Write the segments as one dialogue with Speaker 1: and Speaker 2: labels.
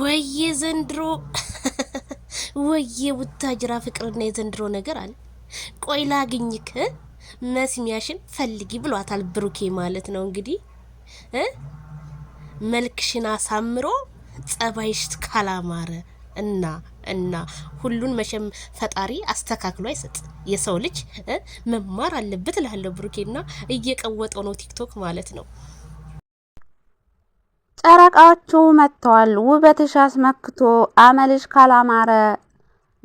Speaker 1: ወየ ዘንድሮ ወየ ቡታጅራ ፍቅርና የዘንድሮ ነገር አለ። ቆይ ላግኝክ መስሚያሽን ፈልጊ ብሏታል ብሩኬ ማለት ነው እንግዲህ መልክሽን አሳምሮ ጸባይሽ ካላማረ እና እና ሁሉን መሸም ፈጣሪ አስተካክሎ አይሰጥ። የሰው ልጅ መማር አለበት እላለሁ። ብሩኬና እየቀወጠው ነው ቲክቶክ ማለት ነው።
Speaker 2: ጨረቃዎቹ መጥተዋል። ውበትሽ አስመክቶ አመልሽ ካላማረ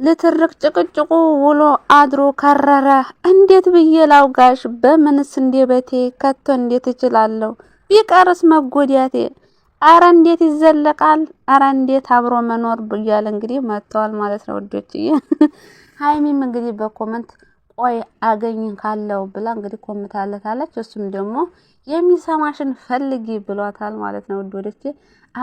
Speaker 2: ልትርቅ ጭቅጭቁ ውሎ አድሮ ከረረ። እንዴት ብዬ ላውጋሽ በምንስ እንዴ በቴ ከቶ እንዴት እችላለሁ ቢቀርስ መጎዳቴ አረ እንዴት ይዘለቃል አረ እንዴት አብሮ መኖር ብያለ እንግዲህ መጥተዋል ማለት ነው። ወዶችዬ ሀይሚም እንግዲህ በኮመንት ቆይ አገኝ ካለው ብላ እንግዲህ ኮምታለታለች። እሱም ደግሞ የሚሰማሽን ፈልጊ ብሏታል ማለት ነው። ውድ ወደቼ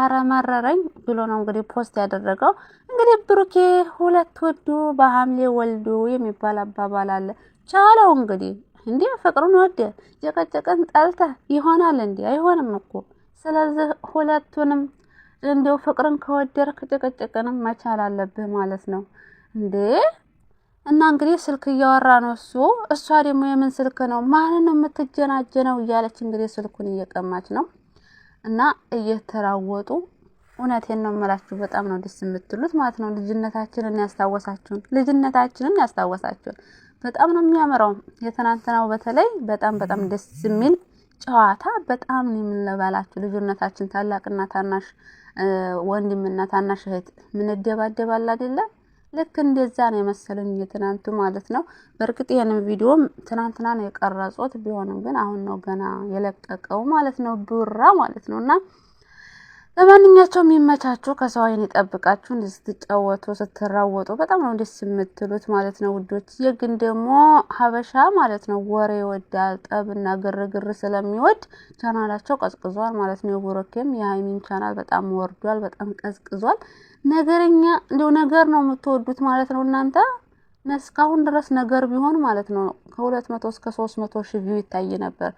Speaker 2: አረመረረኝ ብሎ ነው እንግዲህ ፖስት ያደረገው። እንግዲህ ብሩኬ ሁለት ወዱ በሐምሌ ወልዱ የሚባል አባባል አለ። ቻለው እንግዲህ እንዴ ፍቅሩን ወደ ጨቀጨቀን ጠልተ ይሆናል እንዴ? አይሆንም እኮ ስለዚህ ሁለቱንም እንዲው ፍቅርን ከወደርክ ጭቅጭቅንም መቻል አለብህ ማለት ነው እንዴ እና እንግዲህ ስልክ እያወራ ነው እሱ እሷ ደግሞ የምን ስልክ ነው ማንን ነው የምትጀናጀነው እያለች እንግዲህ ስልኩን እየቀማች ነው እና እየተራወጡ እውነቴን ነው የምላችሁ በጣም ነው ደስ የምትሉት ማለት ነው። ልጅነታችንን ያስታወሳችሁን ልጅነታችንን ያስታወሳችሁን በጣም ነው የሚያምረው። የትናንትናው በተለይ በጣም በጣም ደስ የሚል ጨዋታ በጣም ነው የምንለባላችሁ። ልጅነታችን ታላቅና ታናሽ ወንድምና ታናሽ እህት ምንደባደባል አይደለም ልክ እንደዛ ነው የመሰለኝ የትናንቱ ማለት ነው። በእርግጥ ይህንም ቪዲዮም ትናንትና ነው የቀረጾት ቢሆንም ግን አሁን ነው ገና የለቀቀው ማለት ነው ቡራ ማለት ነው እና ለማንኛቸውም የሚመቻችሁ ከሰው አይን የጠብቃችሁን ስትጫወቱ ስትራወጡ በጣም ነው ደስ የምትሉት ማለት ነው ውዶች። ግን ደግሞ ሀበሻ ማለት ነው ወሬ ይወዳል፣ ጠብና ግርግር ስለሚወድ ቻናላቸው ቀዝቅዟል ማለት ነው። የቡሮኬም የሀይሚን ቻናል በጣም ወርዷል፣ በጣም ቀዝቅዟል። ነገረኛ እንዲሁ ነገር ነው የምትወዱት ማለት ነው እናንተ እስካሁን ድረስ ነገር ቢሆን ማለት ነው ከሁለት መቶ እስከ ሶስት መቶ ሺህ ቪው ይታይ ነበር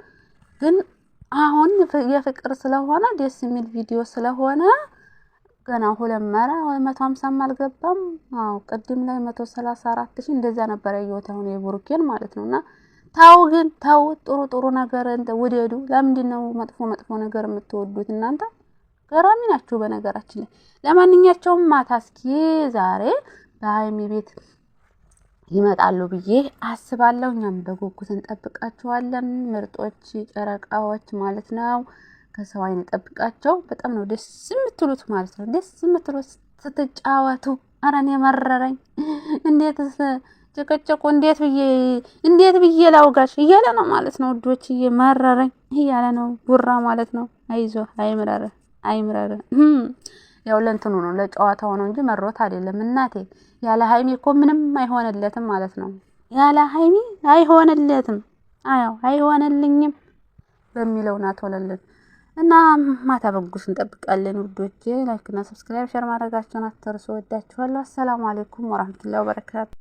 Speaker 2: ግን አሁን የፍቅር ስለሆነ ደስ የሚል ቪዲዮ ስለሆነ ገና ሁለት መራ ወይ መቶ ሀምሳም አልገባም። አዎ ቅድም ላይ መቶ ሰላሳ አራት ሺ እንደዛ ነበረ ያየሁት አሁን የብሩኬን ማለት ነው። እና ታው ግን ታው ጥሩ ጥሩ ነገር ውደዱ። ለምንድን ነው መጥፎ መጥፎ ነገር የምትወዱት እናንተ? ገራሚ ናችሁ በነገራችን ላይ። ለማንኛቸውም ማታ እስኪ ዛሬ በሀይሚ ቤት ይመጣሉ ብዬ አስባለሁ። እኛም በጉጉት እንጠብቃቸዋለን። ምርጦች ጨረቃዎች ማለት ነው። ከሰው አይን ጠብቃቸው። በጣም ነው ደስ የምትሉት ማለት ነው። ደስ የምትሉት ስትጫወቱ። ኧረ እኔ መረረኝ። እንዴት ጭቅጭቁ እንዴት ብዬ እንዴት ብዬ ላውጋሽ እያለ ነው ማለት ነው። ውዶች መረረኝ እያለ ነው ቡራ ማለት ነው። አይዞ አይምረርህ አይምረርህ ያው ለእንትኑ ነው ለጨዋታው ነው እንጂ መሮት አይደለም። እናቴ ያለ ሀይሚ እኮ ምንም አይሆንለትም ማለት ነው። ያለ ሀይሚ አይሆንለትም። አዎ አይሆንልኝም በሚለው ናትሆነልን እና ማታ በጉስ እንጠብቃለን። ውዶቼ ላይክና ሰብስክራይብ ሸር ማድረጋቸውን አትርሱ። ወዳችኋለሁ። አሰላሙ አሌይኩም ወራህመቱላሂ ወበረካቱ